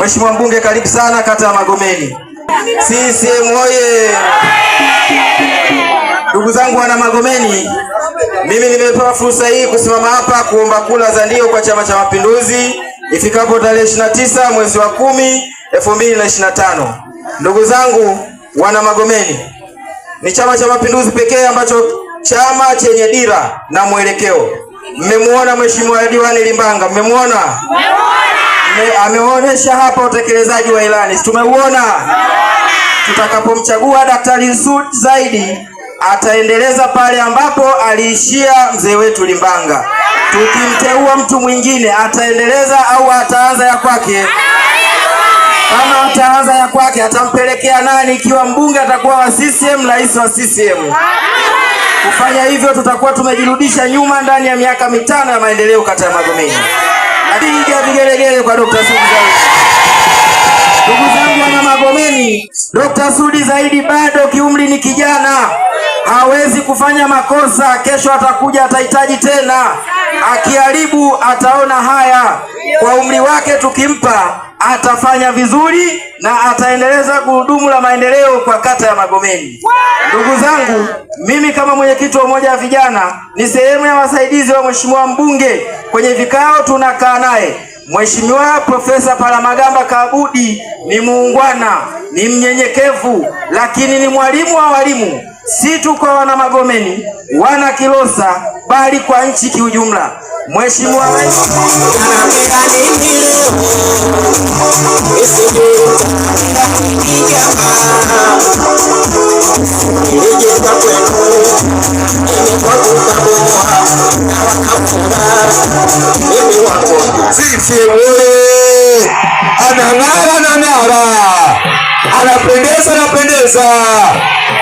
Mheshimiwa mbunge, karibu sana kata ya Magomeni. CCM oye! Ndugu zangu wana Magomeni, mimi nimepewa fursa hii kusimama hapa kuomba kula za ndio kwa Chama cha Mapinduzi ifikapo tarehe 29 mwezi wa 10 2025. Ndugu zangu wana Magomeni, ni Chama cha Mapinduzi pekee ambacho chama chenye dira na mwelekeo. Mmemuona Mheshimiwa Diwani Limbanga, mmemuona ameonyesha hapa utekelezaji wa ilani, tumeuona. Tutakapomchagua daktari nzuri zaidi, ataendeleza pale ambapo aliishia mzee wetu Limbanga. Tukimteua mtu mwingine, ataendeleza au ataanza ya kwake? Kama ataanza ya kwake, atampelekea nani? Ikiwa mbunge atakuwa wa CCM, rais wa CCM. Kufanya hivyo, tutakuwa tumejirudisha nyuma ndani ya miaka mitano ya maendeleo kata ya Magomeni. Piga vigelegele kwa Dr. Sudi Zaidi. Ndugu zangu wana Magomeni, Dr. Sudi Zaidi bado kiumri ni kijana, hawezi kufanya makosa. Kesho atakuja atahitaji tena akiharibu ataona haya. Kwa umri wake tukimpa, atafanya vizuri na ataendeleza gurudumu la maendeleo kwa kata ya Magomeni. Ndugu zangu, mimi kama mwenyekiti wa umoja wa vijana ni sehemu ya wasaidizi wa mheshimiwa mbunge kwenye vikao tunakaa naye. Mheshimiwa Profesa Palamagamba Kabudi ni muungwana, ni mnyenyekevu, lakini ni mwalimu wa walimu si tu kwa wana Magomeni, wana Kilosa bali kwa nchi kiujumla. Mheshimiwa Rais anang'ara na anapendeza anapendeza